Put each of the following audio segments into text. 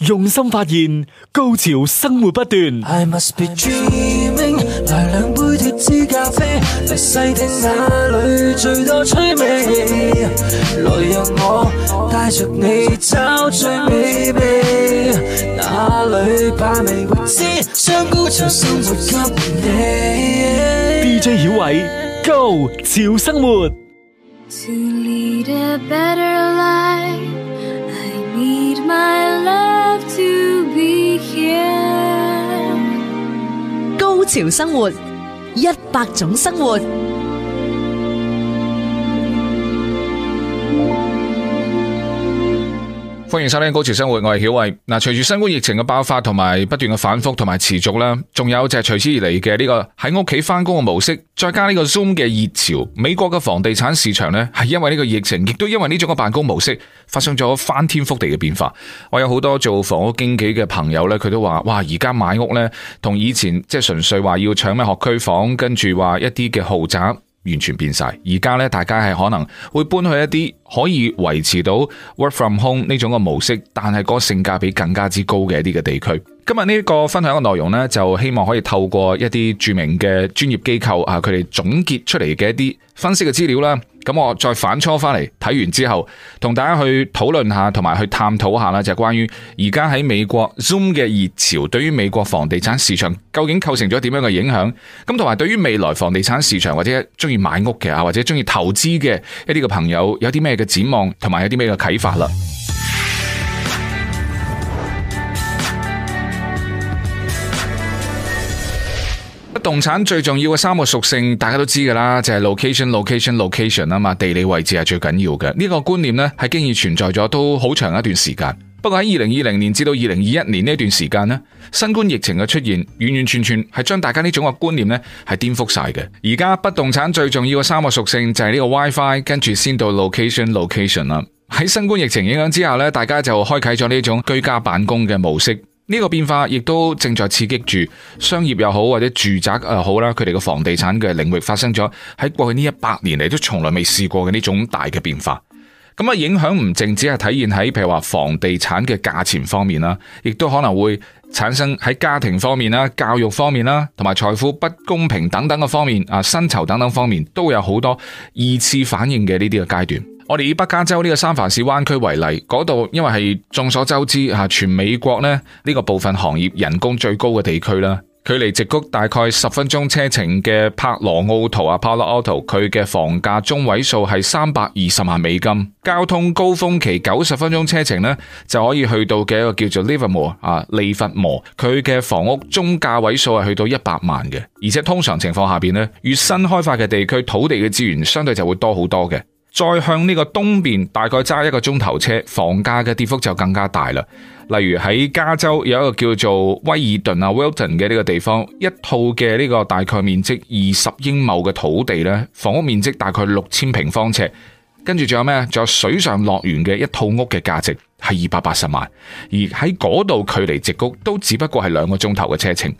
用心發現，高潮生活不斷。I must be dreaming，來兩杯脫脂咖啡，嚟細聽那裏最多趣味。來讓我帶着你找最美味，哪裏把味未知，雙高潮生活給你。DJ 小偉，Go 潮生活。潮生活，一百種生活。歡迎收聽《高潮生活》，我係曉偉。嗱，隨住新冠疫情嘅爆發同埋不斷嘅反復同埋持續啦，仲有就係隨之而嚟嘅呢個喺屋企翻工嘅模式，再加呢個 Zoom 嘅熱潮，美國嘅房地產市場呢，係因為呢個疫情，亦都因為呢種嘅辦公模式，發生咗翻天覆地嘅變化。我有好多做房屋經紀嘅朋友呢，佢都話：哇，而家買屋呢，同以前即係純粹話要搶咩學區房，跟住話一啲嘅豪宅。完全變晒，而家咧大家係可能會搬去一啲可以維持到 work from home 呢種嘅模式，但係嗰個性價比更加之高嘅一啲嘅地區。今日呢一個分享一個內容呢，就希望可以透過一啲著名嘅專業機構啊，佢哋總結出嚟嘅一啲分析嘅資料啦。咁我再反初翻嚟，睇完之後同大家去討論下，同埋去探討下啦，就係、是、關於而家喺美國 Zoom 嘅熱潮，對於美國房地產市場究竟構成咗點樣嘅影響？咁同埋對於未來房地產市場或者中意買屋嘅啊，或者中意投資嘅一啲嘅朋友，有啲咩嘅展望同埋有啲咩嘅啟發啦？不動產最重要嘅三個屬性，大家都知噶啦，就係 location、location、location 啊嘛，地理位置係最緊要嘅。呢個觀念呢，係經已存在咗都好長一段時間。不過喺二零二零年至到二零二一年呢段時間呢，新冠疫情嘅出現，完完全全係將大家呢種嘅觀念呢係顛覆晒嘅。而家不動產最重要嘅三個屬性就係呢個 WiFi，跟住先到 location、location 啦。喺新冠疫情影響之下呢，大家就開啟咗呢種居家辦公嘅模式。呢個變化亦都正在刺激住商業又好或者住宅又好啦，佢哋個房地產嘅領域發生咗喺過去呢一百年嚟都從來未試過嘅呢種大嘅變化。咁啊，影響唔淨只係體現喺譬如話房地產嘅價錢方面啦，亦都可能會產生喺家庭方面啦、教育方面啦、同埋財富不公平等等嘅方面啊、薪酬等等方面，都有好多二次反應嘅呢啲嘅階段。我哋以北加州呢個三藩市灣區為例，嗰度因為係眾所周知吓，全美國咧呢個部分行業人工最高嘅地區啦。距離直谷大概十分鐘車程嘅帕羅奧圖啊帕 a l o 佢嘅房價中位數係三百二十萬美金。交通高峰期九十分鐘車程呢，就可以去到嘅一個叫做 Livermore 啊，利弗摩，佢嘅房屋中價位數係去到一百萬嘅。而且通常情況下邊呢，越新開發嘅地區土地嘅資源相對就會多好多嘅。再向呢個東邊，大概揸一個鐘頭車，房價嘅跌幅就更加大啦。例如喺加州有一個叫做威爾頓啊 （Wilton） 嘅呢個地方，一套嘅呢個大概面積二十英畝嘅土地呢，房屋面積大概六千平方尺，跟住仲有咩？仲有水上樂園嘅一套屋嘅價值係二百八十萬，而喺嗰度距離直谷都只不過係兩個鐘頭嘅車程。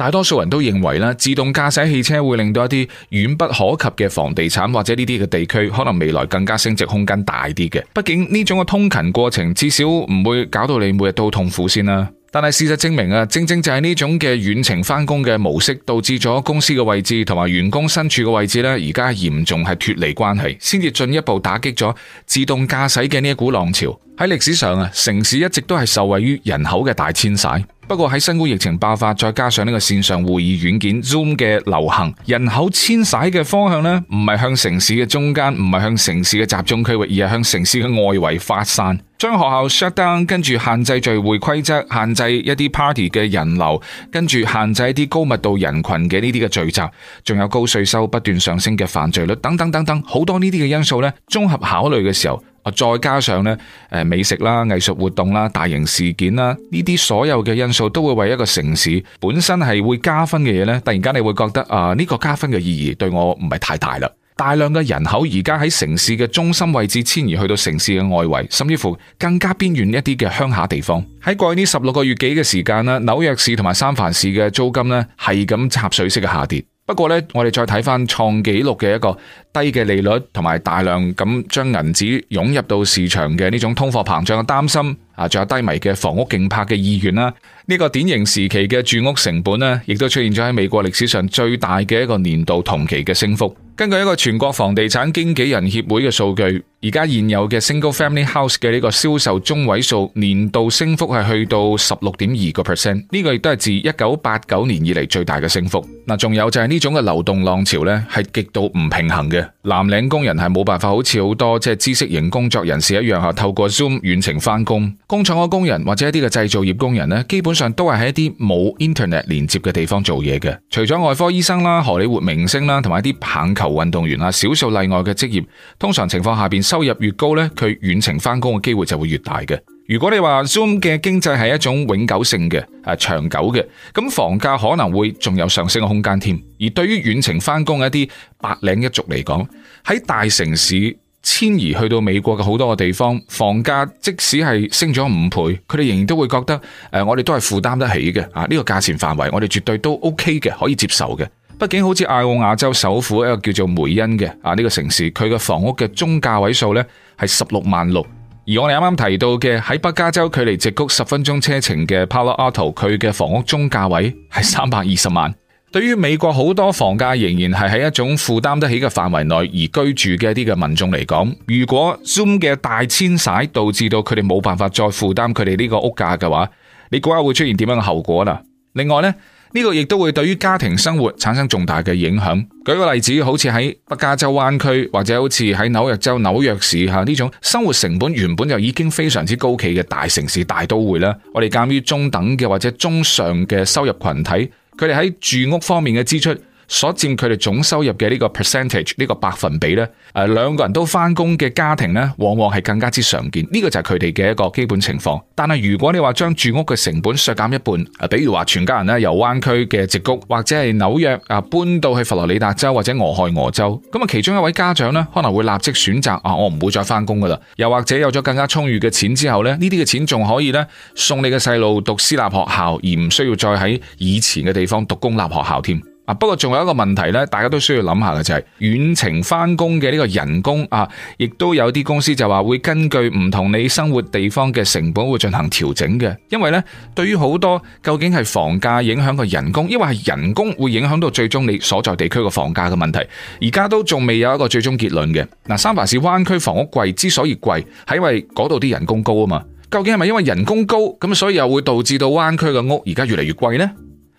大多數人都認為啦，自動駕駛汽車會令到一啲遠不可及嘅房地產或者呢啲嘅地區，可能未來更加升值空間大啲嘅。畢竟呢種嘅通勤過程，至少唔會搞到你每日都痛苦先啦。但係事實證明啊，正正就係呢種嘅遠程翻工嘅模式，導致咗公司嘅位置同埋員工身處嘅位置咧，而家嚴重係脫離關係，先至進一步打擊咗自動駕駛嘅呢一股浪潮。喺歷史上啊，城市一直都係受惠於人口嘅大遷徙。不過喺新冠疫情爆發，再加上呢個線上會議軟件 Zoom 嘅流行，人口遷徙嘅方向呢，唔係向城市嘅中間，唔係向城市嘅集中區域，而係向城市嘅外圍發散。將學校 shutdown，跟住限制聚會規則，限制一啲 party 嘅人流，跟住限制一啲高密度人群嘅呢啲嘅聚集，仲有高稅收不斷上升嘅犯罪率等等等等，好多呢啲嘅因素呢，綜合考慮嘅時候。再加上咧，美食啦、藝術活動啦、大型事件啦，呢啲所有嘅因素都會為一個城市本身係會加分嘅嘢咧。突然間你會覺得啊，呢個加分嘅意義對我唔係太大啦。大量嘅人口而家喺城市嘅中心位置遷移去到城市嘅外圍，甚至乎更加邊遠一啲嘅鄉下地方。喺過去呢十六個月幾嘅時間啦，紐約市同埋三藩市嘅租金呢係咁插水式嘅下跌。不過呢，我哋再睇翻創紀錄嘅一個低嘅利率，同埋大量咁將銀紙湧入到市場嘅呢種通貨膨脹嘅擔心，啊，仲有低迷嘅房屋競拍嘅意願啦。呢個典型時期嘅住屋成本呢，亦都出現咗喺美國歷史上最大嘅一個年度同期嘅升幅。根據一個全國房地產經紀人協會嘅數據。而家現有嘅 single family house 嘅呢個銷售中位數年度升幅係去到十六點二個 percent，呢個亦都係自一九八九年以嚟最大嘅升幅。嗱，仲有就係呢種嘅流動浪潮呢，係極度唔平衡嘅。藍領工人係冇辦法好似好多即係知識型工作人士一樣嚇，透過 Zoom 遠程翻工。工廠嘅工人或者一啲嘅製造業工人呢，基本上都係喺一啲冇 Internet 連接嘅地方做嘢嘅。除咗外科醫生啦、荷里活明星啦，同埋一啲棒球運動員啊，少數例外嘅職業，通常情況下邊收入越高咧，佢遠程翻工嘅機會就會越大嘅。如果你話 Zoom 嘅經濟係一種永久性嘅，誒、啊、長久嘅，咁房價可能會仲有上升嘅空間添。而對於遠程翻工嘅一啲白領一族嚟講，喺大城市遷移去到美國嘅好多個地方，房價即使係升咗五倍，佢哋仍然都會覺得誒、啊，我哋都係負擔得起嘅啊！呢、這個價錢範圍，我哋絕對都 OK 嘅，可以接受嘅。畢竟，好似亞澳亞州首府一個叫做梅因嘅啊，呢個城市佢嘅房屋嘅中價位數呢係十六萬六，而我哋啱啱提到嘅喺北加州距離直谷十分鐘車程嘅 Palo Alto，佢嘅房屋中價位係三百二十萬。對於美國好多房價仍然係喺一種負擔得起嘅範圍內而居住嘅一啲嘅民眾嚟講，如果 Zoom 嘅大遷徙導致到佢哋冇辦法再負擔佢哋呢個屋價嘅話，你估下會出現點樣嘅後果啦？另外呢。呢個亦都會對於家庭生活產生重大嘅影響。舉個例子，好似喺北加州灣區，或者好似喺紐約州紐約市吓呢種生活成本原本就已經非常之高企嘅大城市大都會咧，我哋鑒於中等嘅或者中上嘅收入群體，佢哋喺住屋方面嘅支出，所佔佢哋總收入嘅呢個 percentage，呢個百分比呢，誒兩個人都翻工嘅家庭呢，往往係更加之常見。呢個就係佢哋嘅一個基本情況。但係如果你話將住屋嘅成本削減一半，比如話全家人呢由灣區嘅直谷或者係紐約啊搬到去佛羅里達州或者俄亥俄州，咁啊其中一位家長呢可能會立即選擇啊我唔會再翻工噶啦，又或者有咗更加充裕嘅錢之後呢，呢啲嘅錢仲可以呢送你嘅細路讀私立學校，而唔需要再喺以前嘅地方讀公立學校添。不過仲有一個問題咧，大家都需要諗下嘅就係、是、遠程返工嘅呢個人工啊，亦都有啲公司就話會根據唔同你生活地方嘅成本會進行調整嘅。因為咧，對於好多究竟係房價影響個人工，因為係人工會影響到最終你所在地區個房價嘅問題，而家都仲未有一個最終結論嘅。嗱，三藩市灣區房屋貴之所以貴，係因為嗰度啲人工高啊嘛。究竟係咪因為人工高咁，所以又會導致到灣區嘅屋而家越嚟越貴呢？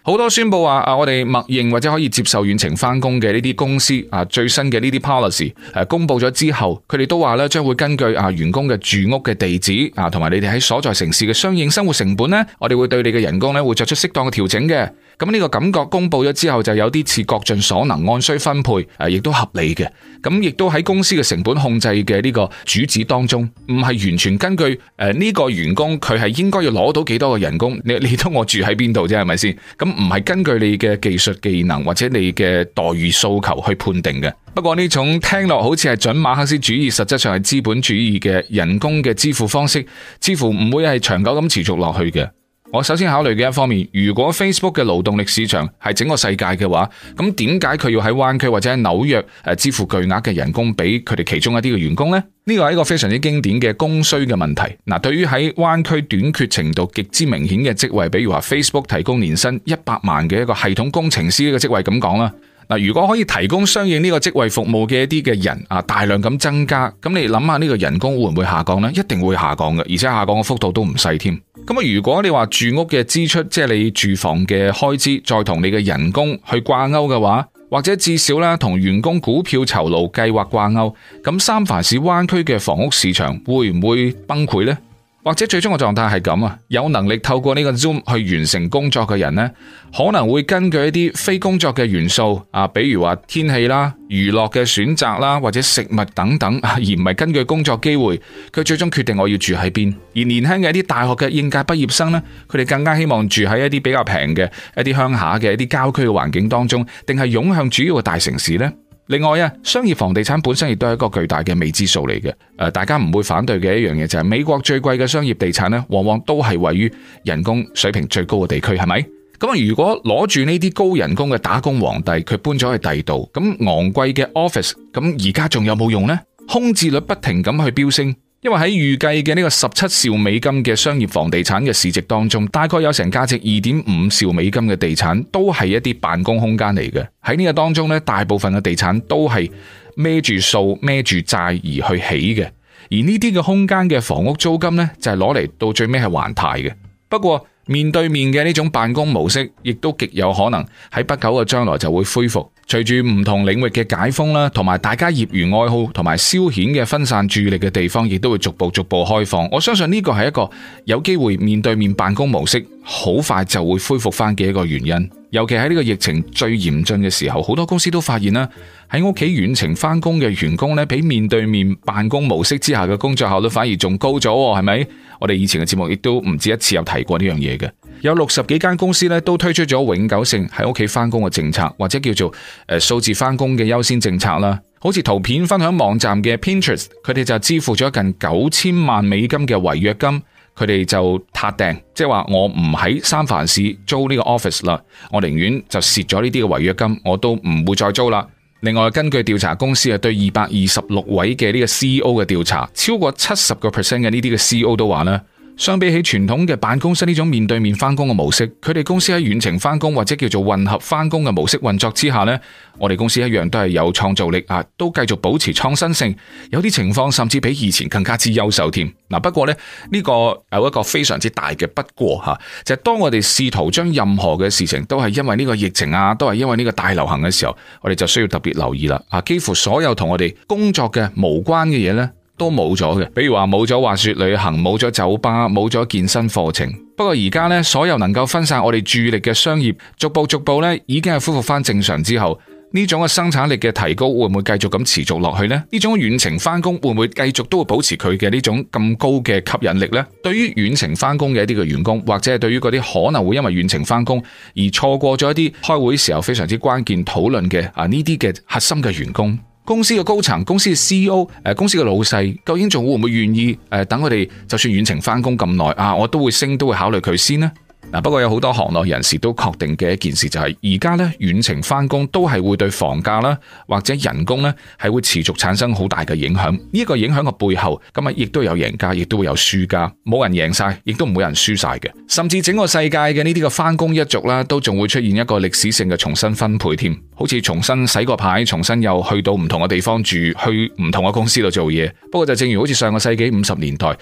好多宣佈話啊，我哋默認或者可以接受遠程返工嘅呢啲公司啊，最新嘅呢啲 policy 誒，公布咗之後，佢哋都話咧將會根據啊員工嘅住屋嘅地址啊，同埋你哋喺所在城市嘅相應生活成本咧，我哋會對你嘅人工咧會作出適當嘅調整嘅。咁呢個感覺公布咗之後，就有啲似各盡所能按需分配，誒，亦都合理嘅。咁亦都喺公司嘅成本控制嘅呢個主旨當中，唔係完全根據誒呢個員工佢係應該要攞到幾多個人工，你你通我住喺邊度啫，係咪先？咁唔係根據你嘅技術技能或者你嘅待遇訴求去判定嘅。不過呢種聽落好似係準馬克思主義，實質上係資本主義嘅人工嘅支付方式，似乎唔會係長久咁持續落去嘅。我首先考慮嘅一方面，如果 Facebook 嘅勞動力市場係整個世界嘅話，咁點解佢要喺灣區或者喺紐約誒支付巨額嘅人工俾佢哋其中一啲嘅員工呢？呢個係一個非常之經典嘅供需嘅問題。嗱，對於喺灣區短缺程度極之明顯嘅職位，比如話 Facebook 提供年薪一百萬嘅一個系統工程師嘅職位咁講啦。嗱，如果可以提供相應呢個職位服務嘅一啲嘅人啊，大量咁增加，咁你諗下呢個人工會唔會下降呢？一定會下降嘅，而且下降嘅幅度都唔細添。咁啊，如果你話住屋嘅支出，即係你住房嘅開支，再同你嘅人工去掛鈎嘅話，或者至少咧同員工股票酬勞計劃掛鈎，咁三藩市灣區嘅房屋市場會唔會崩潰呢？或者最終嘅狀態係咁啊，有能力透過呢個 Zoom 去完成工作嘅人呢，可能會根據一啲非工作嘅元素啊，比如話天氣啦、娛樂嘅選擇啦，或者食物等等，而唔係根據工作機會，佢最終決定我要住喺邊。而年輕嘅一啲大學嘅應屆畢業生呢，佢哋更加希望住喺一啲比較平嘅一啲鄉下嘅一啲郊區嘅環境當中，定係湧向主要嘅大城市呢？另外啊，商業房地產本身亦都係一個巨大嘅未知數嚟嘅。誒，大家唔會反對嘅一樣嘢就係美國最貴嘅商業地產咧，往往都係位於人工水平最高嘅地區，係咪？咁啊，如果攞住呢啲高人工嘅打工皇帝，佢搬咗去第二度，咁昂貴嘅 office，咁而家仲有冇用呢？空置率不停咁去飆升。因為喺預計嘅呢個十七兆美金嘅商業房地產嘅市值當中，大概有成價值二點五兆美金嘅地產，都係一啲辦公空間嚟嘅。喺呢個當中咧，大部分嘅地產都係孭住數、孭住債而去起嘅。而呢啲嘅空間嘅房屋租金呢，就係攞嚟到最尾係還貸嘅。不過面對面嘅呢種辦公模式，亦都極有可能喺不久嘅將來就會恢復。隨住唔同領域嘅解封啦，同埋大家業餘愛好，同埋消遣嘅分散注意力嘅地方，亦都會逐步逐步開放。我相信呢個係一個有機會面對面辦公模式，好快就會恢復返嘅一個原因。尤其喺呢個疫情最嚴峻嘅時候，好多公司都發現啦，喺屋企遠程翻工嘅員工咧，比面對面辦公模式之下嘅工作效率反而仲高咗，係咪？我哋以前嘅節目亦都唔止一次有提過呢樣嘢嘅。有六十幾間公司咧，都推出咗永久性喺屋企翻工嘅政策，或者叫做誒數字翻工嘅優先政策啦。好似圖片分享網站嘅 Pinterest，佢哋就支付咗近九千萬美金嘅違約金。佢哋就撻訂，即係話我唔喺三藩市租呢個 office 啦，我寧願就蝕咗呢啲嘅違約金，我都唔會再租啦。另外，根據調查公司啊，對二百二十六位嘅呢個 CEO 嘅調查，超過七十個 percent 嘅呢啲嘅 CEO 都話咧。相比起傳統嘅辦公室呢種面對面翻工嘅模式，佢哋公司喺遠程翻工或者叫做混合翻工嘅模式運作之下呢，我哋公司一樣都係有創造力啊，都繼續保持創新性，有啲情況甚至比以前更加之優秀添。嗱，不過呢，呢個有一個非常之大嘅不過吓，就係當我哋試圖將任何嘅事情都係因為呢個疫情啊，都係因為呢個大流行嘅時候，我哋就需要特別留意啦。啊，幾乎所有同我哋工作嘅無關嘅嘢呢，都冇咗嘅，比如話冇咗滑雪旅行，冇咗酒吧，冇咗健身課程。不過而家呢，所有能夠分散我哋注意力嘅商業，逐步逐步呢已經係恢復翻正常之後，呢種嘅生產力嘅提高會唔會繼續咁持續落去呢？呢種遠程翻工會唔會繼續都會保持佢嘅呢種咁高嘅吸引力呢？對於遠程翻工嘅一啲嘅員工，或者係對於嗰啲可能會因為遠程翻工而錯過咗一啲開會時候非常之關鍵討論嘅啊呢啲嘅核心嘅員工。公司嘅高層、公司嘅 CEO、誒公司嘅老細，究竟仲會唔會願意誒等佢哋就算遠程翻工咁耐啊，我都會升，都會考慮佢先咧？嗱，不過有好多行內人士都確定嘅一件事就係，而家呢，遠程翻工都係會對房價啦，或者人工呢係會持續產生好大嘅影響。呢一個影響嘅背後，咁啊亦都有贏家，亦都會有輸家，冇人贏晒，亦都唔會有人輸晒嘅。甚至整個世界嘅呢啲嘅翻工一族啦，都仲會出現一個歷史性嘅重新分配添，好似重新洗個牌，重新又去到唔同嘅地方住，去唔同嘅公司度做嘢。不過就正如好似上個世紀五十年代，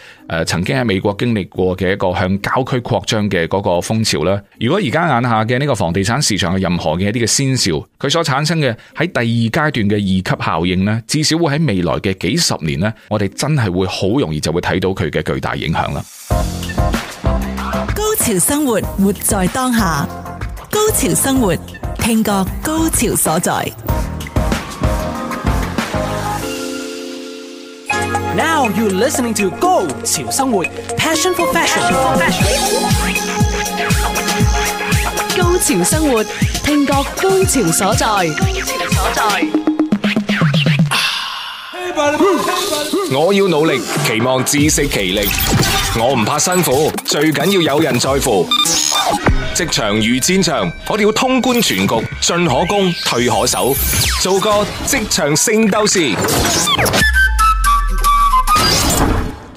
曾經喺美國經歷過嘅一個向郊區擴張嘅嗰個風潮啦！如果而家眼下嘅呢個房地產市場嘅任何嘅一啲嘅先兆，佢所產生嘅喺第二階段嘅二級效應呢，至少會喺未來嘅幾十年呢，我哋真係會好容易就會睇到佢嘅巨大影響啦。高潮生活，活在當下。高潮生活，聽覺高潮所在。Now you are listening to 高潮生活 Passion for fashion，啊。啊啊潮生活，聽覺高潮所在。我要努力，期望自食其力。我唔怕辛苦，最緊要有人在乎。職場如戰場，我哋要通關全局，進可攻，退可守，做個職場聖鬥士。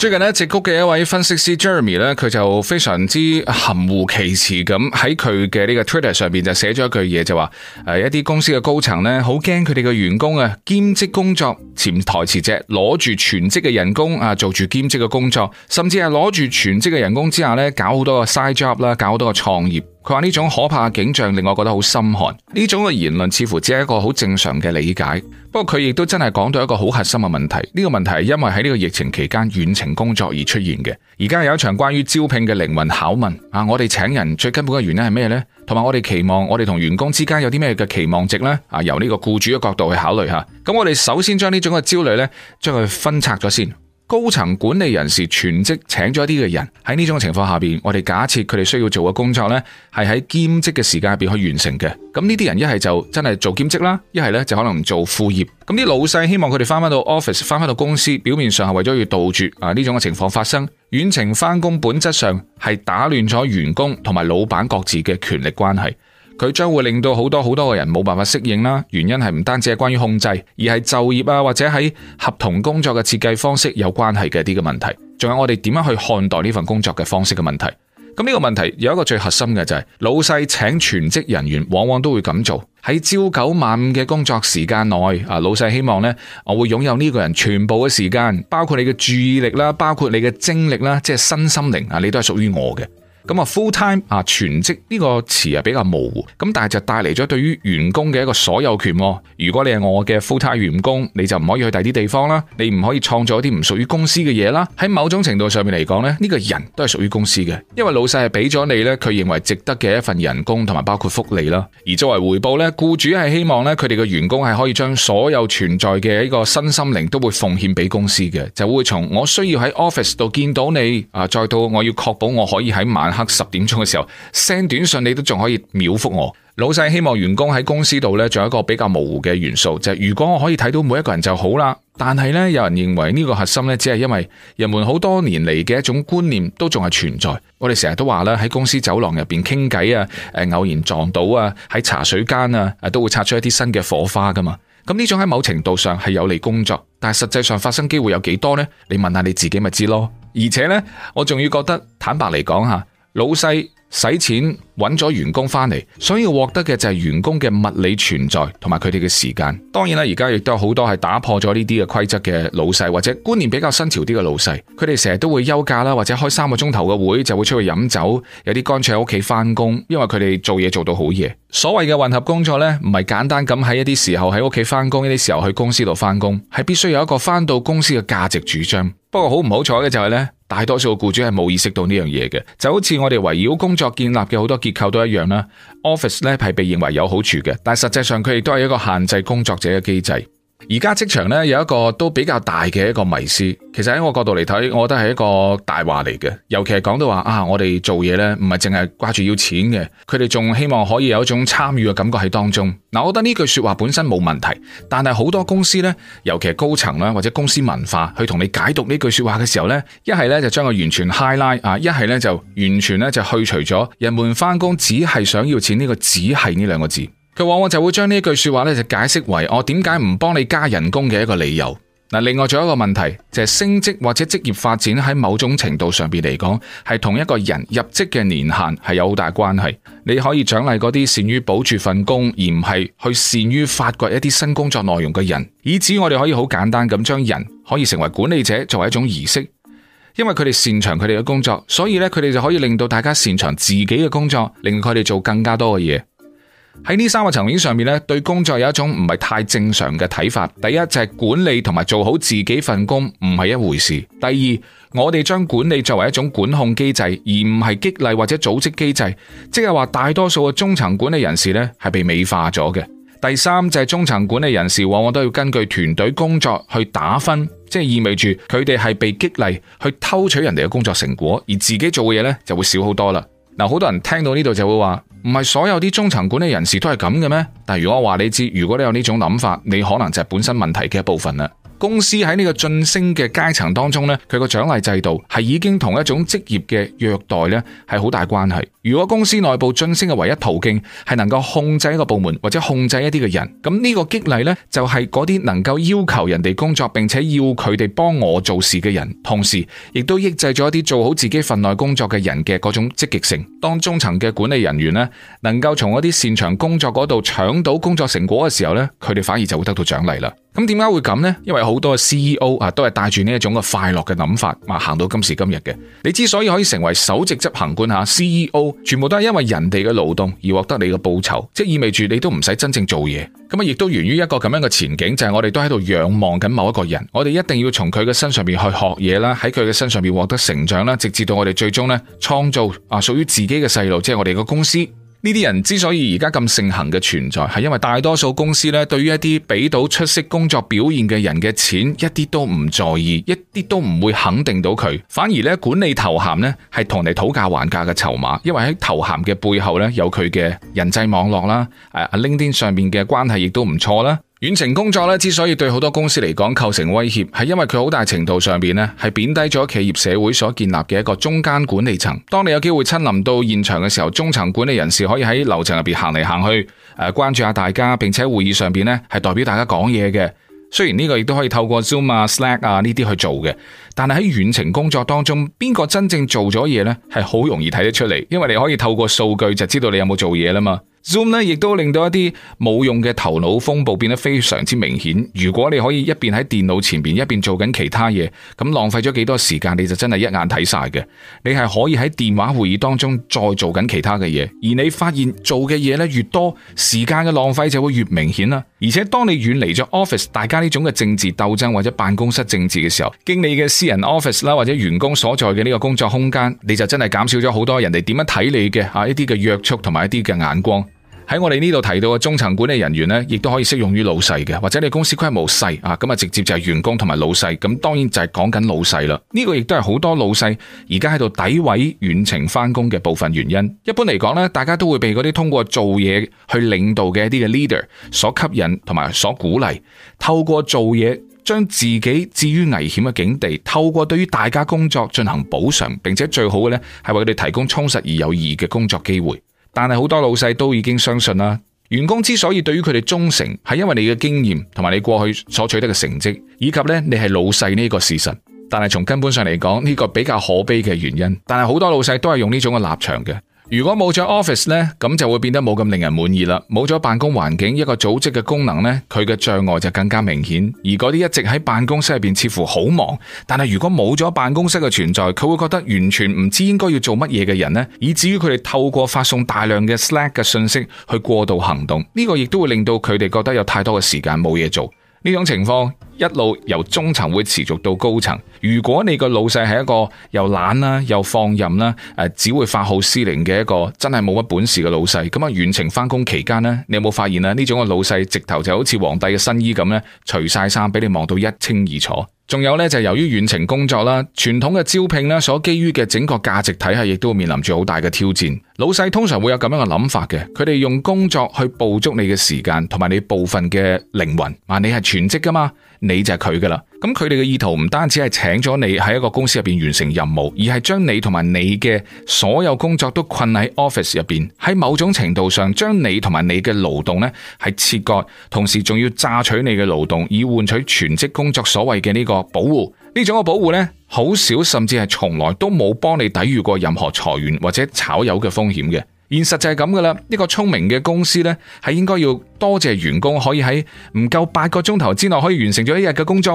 最近咧，矽谷嘅一位分析師 Jeremy 咧，佢就非常之含糊其辭咁喺佢嘅呢個 Twitter 上面就寫咗一句嘢，就話誒一啲公司嘅高層呢，好驚佢哋嘅員工啊兼職工作潛台詞啫，攞住全職嘅人工啊做住兼職嘅工作，甚至係攞住全職嘅人工之下呢，搞好多個 side job 啦，搞好多個創業。佢話呢種可怕嘅景象，令我覺得好心寒。呢種嘅言論似乎只係一個好正常嘅理解，不過佢亦都真係講到一個好核心嘅問題。呢、這個問題係因為喺呢個疫情期間遠程工作而出現嘅。而家有一場關於招聘嘅靈魂拷問，我哋請人最根本嘅原因係咩呢？同埋我哋期望我哋同員工之間有啲咩嘅期望值呢？啊，由呢個僱主嘅角度去考慮吓。咁我哋首先將呢種嘅焦慮呢，將佢分拆咗先。高層管理人士全職請咗一啲嘅人喺呢種情況下邊，我哋假設佢哋需要做嘅工作咧係喺兼職嘅時間入邊去完成嘅。咁呢啲人一係就真係做兼職啦，一係呢就可能做副業。咁啲老細希望佢哋翻返到 office，翻返到公司，表面上係為咗要杜絕啊呢種嘅情況發生。遠程翻工本質上係打亂咗員工同埋老闆各自嘅權力關係。佢將會令到好多好多嘅人冇辦法適應啦。原因係唔單止係關於控制，而係就業啊，或者喺合同工作嘅設計方式有關係嘅啲嘅問題。仲有我哋點樣去看待呢份工作嘅方式嘅問題。咁呢個問題有一個最核心嘅就係、是、老細請全職人員，往往都會咁做喺朝九晚五嘅工作時間內啊。老細希望呢，我會擁有呢個人全部嘅時間，包括你嘅注意力啦，包括你嘅精力啦，即係身心靈啊，你都係屬於我嘅。咁啊，full time 啊，全職呢個詞啊比較模糊，咁但係就帶嚟咗對於員工嘅一個所有權。如果你係我嘅 full time 員工，你就唔可以去第啲地方啦，你唔可以創造一啲唔屬於公司嘅嘢啦。喺某種程度上面嚟講咧，呢個人都係屬於公司嘅，因為老細係俾咗你咧，佢認為值得嘅一份人工同埋包括福利啦。而作為回報咧，僱主係希望咧佢哋嘅員工係可以將所有存在嘅一個身心靈都會奉獻俾公司嘅，就會從我需要喺 office 度見到你啊，再到我要確保我可以喺晚。黑十點鐘嘅時候，send 短信你都仲可以秒覆我。老細希望員工喺公司度咧，做一個比較模糊嘅元素，就係如果我可以睇到每一個人就好啦。但係呢，有人認為呢個核心呢，只係因為人們好多年嚟嘅一種觀念都仲係存在。我哋成日都話啦，喺公司走廊入邊傾偈啊，誒，偶然撞到啊，喺茶水間啊，都會擦出一啲新嘅火花噶嘛。咁呢種喺某程度上係有利工作，但係實際上發生機會有幾多呢？你問下你自己咪知咯。而且呢，我仲要覺得坦白嚟講吓。老細使錢揾咗員工翻嚟，想要獲得嘅就係員工嘅物理存在同埋佢哋嘅時間。當然啦，而家亦都有好多係打破咗呢啲嘅規則嘅老細，或者觀念比較新潮啲嘅老細，佢哋成日都會休假啦，或者開三個鐘頭嘅會就會出去飲酒，有啲乾脆喺屋企翻工，因為佢哋做嘢做到好夜。所謂嘅混合工作咧，唔係簡單咁喺一啲時候喺屋企翻工，一啲時候去公司度翻工，係必須有一個翻到公司嘅價值主張。不過好唔好彩嘅就係呢。大多數僱主係冇意識到呢樣嘢嘅，就好似我哋圍繞工作建立嘅好多結構都一樣啦。Office 咧係被認為有好處嘅，但係實際上佢哋都係一個限制工作者嘅機制。而家職場咧有一個都比較大嘅一個迷思，其實喺我角度嚟睇，我覺得係一個大話嚟嘅。尤其係講到話啊，我哋做嘢咧唔係淨係掛住要錢嘅，佢哋仲希望可以有一種參與嘅感覺喺當中。嗱、啊，我覺得呢句說話本身冇問題，但係好多公司咧，尤其係高層啦或者公司文化去同你解讀呢句說話嘅時候咧，一係咧就將佢完全 highlight 啊，一係咧就完全咧就去除咗人們返工只係想要錢呢、呢個只係呢兩個字。佢往往就會將呢句說話咧，就解釋為我點解唔幫你加人工嘅一個理由。嗱，另外仲有一個問題就係升職或者職業發展喺某種程度上邊嚟講，係同一個人入職嘅年限係有好大關係。你可以獎勵嗰啲善於保住份工而唔係去善於發掘一啲新工作內容嘅人，以至於我哋可以好簡單咁將人可以成為管理者作為一種儀式，因為佢哋擅長佢哋嘅工作，所以咧佢哋就可以令到大家擅長自己嘅工作，令佢哋做更加多嘅嘢。喺呢三個層面上面咧，對工作有一種唔係太正常嘅睇法。第一就係、是、管理同埋做好自己份工唔係一回事。第二，我哋將管理作為一種管控機制，而唔係激勵或者組織機制。即係話，大多數嘅中層管理人士咧係被美化咗嘅。第三就係、是、中層管理人士往往都要根據團隊工作去打分，即係意味住佢哋係被激勵去偷取人哋嘅工作成果，而自己做嘅嘢咧就會少好多啦。嗱，好多人聽到呢度就會話，唔係所有啲中層管理人士都係咁嘅咩？但係如果我話你知，如果你有呢種諗法，你可能就係本身問題嘅一部分啦。公司喺呢個晉升嘅階層當中呢，佢個獎勵制度係已經同一種職業嘅虐待呢，係好大關係。如果公司內部晉升嘅唯一途徑係能夠控制一個部門或者控制一啲嘅人，咁呢個激勵呢，就係嗰啲能夠要求人哋工作並且要佢哋幫我做事嘅人，同時亦都抑制咗一啲做好自己份內工作嘅人嘅嗰種積極性。當中層嘅管理人員呢，能夠從一啲擅長工作嗰度搶到工作成果嘅時候呢，佢哋反而就會得到獎勵啦。咁點解會咁呢？因為好多 CEO 都係帶住呢一種嘅快樂嘅諗法，啊行到今時今日嘅。你之所以可以成為首席執行官吓，CEO 全部都係因為人哋嘅勞動而獲得你嘅報酬，即意味住你都唔使真正做嘢。咁啊，亦都源於一個咁樣嘅前景，就係我哋都喺度仰望緊某一個人，我哋一定要從佢嘅身上面去學嘢啦，喺佢嘅身上面獲得成長啦，直至到我哋最終咧創造啊屬於自己嘅細路，即係我哋嘅公司。呢啲人之所以而家咁盛行嘅存在，係因為大多數公司咧，對於一啲俾到出色工作表現嘅人嘅錢，一啲都唔在意，一啲都唔會肯定到佢，反而咧，管理頭銜咧，係同你討價還價嘅籌碼，因為喺頭銜嘅背後咧，有佢嘅人際網絡啦，誒、啊、阿 LinkedIn 上面嘅關係亦都唔錯啦。遠程工作咧，之所以對好多公司嚟講構成威脅，係因為佢好大程度上邊咧係貶低咗企業社會所建立嘅一個中間管理層。當你有機會親臨到現場嘅時候，中層管理人士可以喺樓層入邊行嚟行去，誒關注下大家，並且會議上邊咧係代表大家講嘢嘅。雖然呢個亦都可以透過 Zoom 啊、Slack 啊呢啲去做嘅，但係喺遠程工作當中，邊個真正做咗嘢呢？係好容易睇得出嚟，因為你可以透過數據就知道你有冇做嘢啦嘛。Zoom 咧，亦都令到一啲冇用嘅頭腦風暴變得非常之明顯。如果你可以一邊喺電腦前邊一邊做緊其他嘢，咁浪費咗幾多時間，你就真係一眼睇晒嘅。你係可以喺電話會議當中再做緊其他嘅嘢，而你發現做嘅嘢咧越多，時間嘅浪費就會越明顯啦。而且當你遠離咗 office，大家呢種嘅政治鬥爭或者辦公室政治嘅時候，經理嘅私人 office 啦，或者員工所在嘅呢個工作空間，你就真係減少咗好多人哋點樣睇你嘅啊一啲嘅約束同埋一啲嘅眼光。喺我哋呢度提到嘅中層管理人員呢，亦都可以適用於老細嘅，或者你公司規模細啊，咁啊直接就係員工同埋老細，咁當然就係講緊老細啦。呢個亦都係好多老細而家喺度詆毀遠程翻工嘅部分原因。一般嚟講呢，大家都會被嗰啲通過做嘢去領導嘅一啲嘅 leader 所吸引同埋所鼓勵，透過做嘢將自己置於危險嘅境地，透過對於大家工作進行補償，並且最好嘅呢，係為佢哋提供充實而有意義嘅工作機會。但係好多老細都已經相信啦，員工之所以對於佢哋忠誠，係因為你嘅經驗同埋你過去所取得嘅成績，以及呢你係老細呢個事實。但係從根本上嚟講，呢個比較可悲嘅原因。但係好多老細都係用呢種嘅立場嘅。如果冇咗 office 咧，咁就會變得冇咁令人滿意啦。冇咗辦公環境，一個組織嘅功能呢，佢嘅障礙就更加明顯。而嗰啲一直喺辦公室入邊，似乎好忙，但係如果冇咗辦公室嘅存在，佢會覺得完全唔知應該要做乜嘢嘅人呢，以至於佢哋透過發送大量嘅 Slack 嘅信息去過度行動。呢個亦都會令到佢哋覺得有太多嘅時間冇嘢做呢種情況。一路由中層會持續到高層。如果你個老細係一個又懶啦，又放任啦，誒，只會發號施令嘅一個，真係冇乜本事嘅老細咁啊。遠程翻工期間呢，你有冇發現啊？呢種嘅老細直頭就好似皇帝嘅新衣咁咧，除晒衫俾你望到一清二楚。仲有呢，就係由於遠程工作啦，傳統嘅招聘咧所基於嘅整個價值體系，亦都面臨住好大嘅挑戰。老細通常會有咁樣嘅諗法嘅，佢哋用工作去捕捉你嘅時間同埋你部分嘅靈魂。嗱，你係全職噶嘛？你就係佢噶啦，咁佢哋嘅意圖唔單止係請咗你喺一個公司入邊完成任務，而係將你同埋你嘅所有工作都困喺 office 入邊。喺某種程度上，將你同埋你嘅勞動咧係切割，同時仲要榨取你嘅勞動，以換取全職工作所謂嘅呢個保護。呢種嘅保護呢，好少甚至係從來都冇幫你抵禦過任何裁員或者炒魷嘅風險嘅。現實就係咁噶啦，一個聰明嘅公司呢，係應該要多謝員工可以喺唔夠八個鐘頭之內可以完成咗一日嘅工作。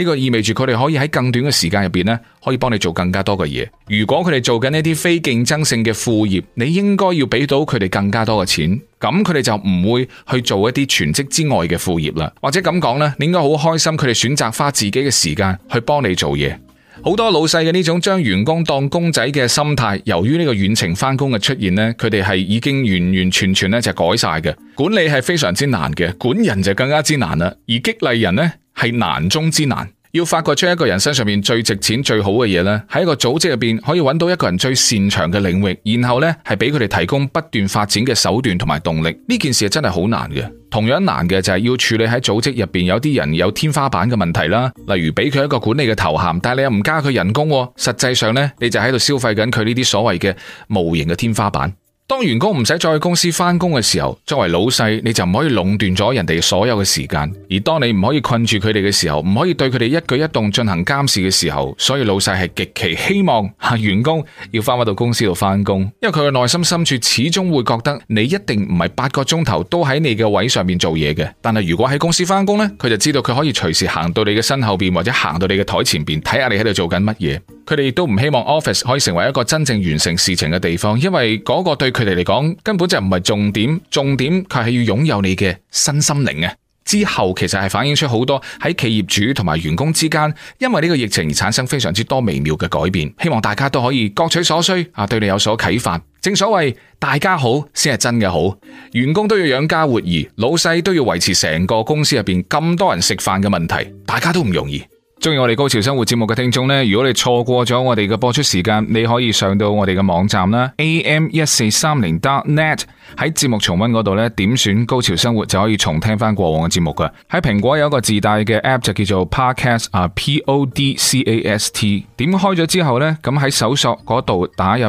呢個意味住佢哋可以喺更短嘅時間入邊呢，可以幫你做更加多嘅嘢。如果佢哋做緊一啲非競爭性嘅副業，你應該要俾到佢哋更加多嘅錢，咁佢哋就唔會去做一啲全職之外嘅副業啦。或者咁講咧，你應該好開心佢哋選擇花自己嘅時間去幫你做嘢。好多老細嘅呢種將員工當公仔嘅心態，由於呢個遠程返工嘅出現呢，佢哋係已經完完全全咧就改晒㗎。管理係非常之難嘅，管人就更加之難啦，而激勵人呢係難中之難。要發掘出一個人身上面最值錢、最好嘅嘢咧，喺一個組織入面可以揾到一個人最擅長嘅領域，然後呢，係俾佢哋提供不斷發展嘅手段同埋動力。呢件事真係好難嘅。同樣難嘅就係要處理喺組織入面有啲人有天花板嘅問題啦，例如俾佢一個管理嘅頭銜，但你又唔加佢人工，實際上咧你就喺度消費緊佢呢啲所謂嘅無形嘅天花板。當員工唔使再去公司翻工嘅時候，作為老細，你就唔可以壟斷咗人哋所有嘅時間；而當你唔可以困住佢哋嘅時候，唔可以對佢哋一舉一動進行監視嘅時候，所以老細係極其希望吓、啊、員工要翻返到公司度翻工，因為佢嘅內心深處始終會覺得你一定唔係八個鐘頭都喺你嘅位上面做嘢嘅。但係如果喺公司翻工呢，佢就知道佢可以隨時行到你嘅身後邊或者行到你嘅台前面，睇下你喺度做緊乜嘢。佢哋都唔希望 office 可以成為一個真正完成事情嘅地方，因為嗰個對佢哋嚟講根本就唔係重點，重點佢係要擁有你嘅身心靈啊！之後其實係反映出好多喺企業主同埋員工之間，因為呢個疫情而產生非常之多微妙嘅改變。希望大家都可以各取所需啊！對你有所啟發。正所謂大家好先係真嘅好，員工都要養家活兒，老細都要維持成個公司入邊咁多人食飯嘅問題，大家都唔容易。中意我哋《高潮生活》節目嘅聽眾咧，如果你錯過咗我哋嘅播出時間，你可以上到我哋嘅網站啦，am 一四三零 dot net 喺節目重温嗰度咧，點選《高潮生活》就可以重聽翻過往嘅節目噶。喺蘋果有一個自帶嘅 app 就叫做 Podcast 啊，P O D C A S T，點開咗之後呢，咁喺搜索嗰度打入。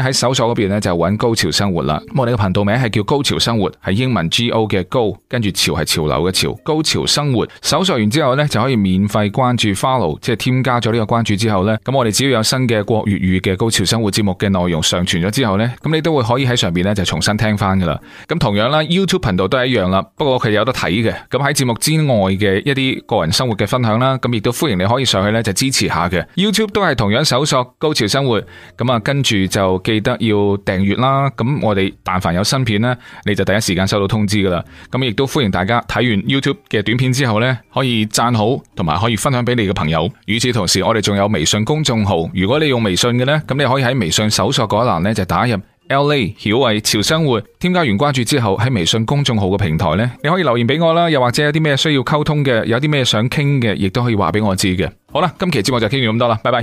喺搜索嗰邊呢就揾高潮生活啦。咁我哋嘅頻道名係叫高潮生活，係英文 G O 嘅高，跟住潮係潮流嘅潮，高潮生活。搜索完之後呢，就可以免費關注 follow，即係添加咗呢個關注之後呢。咁我哋只要有新嘅國粵語嘅高潮生活節目嘅內容上傳咗之後呢，咁你都會可以喺上面呢就重新聽翻噶啦。咁同樣啦，YouTube 頻道都係一樣啦，不過佢有得睇嘅。咁喺節目之外嘅一啲個人生活嘅分享啦，咁亦都歡迎你可以上去呢就支持下嘅。YouTube 都係同樣搜索高潮生活，咁啊跟住就。記得要訂閱啦，咁我哋但凡有新片呢，你就第一時間收到通知噶啦。咁亦都歡迎大家睇完 YouTube 嘅短片之後呢，可以讚好，同埋可以分享俾你嘅朋友。與此同時，我哋仲有微信公眾號，如果你用微信嘅呢，咁你可以喺微信搜索嗰一欄呢，就打入 LA 曉慧潮生活，添加完關注之後喺微信公眾號嘅平台呢，你可以留言俾我啦，又或者有啲咩需要溝通嘅，有啲咩想傾嘅，亦都可以話俾我知嘅。好啦，今期節目就傾完咁多啦，拜拜。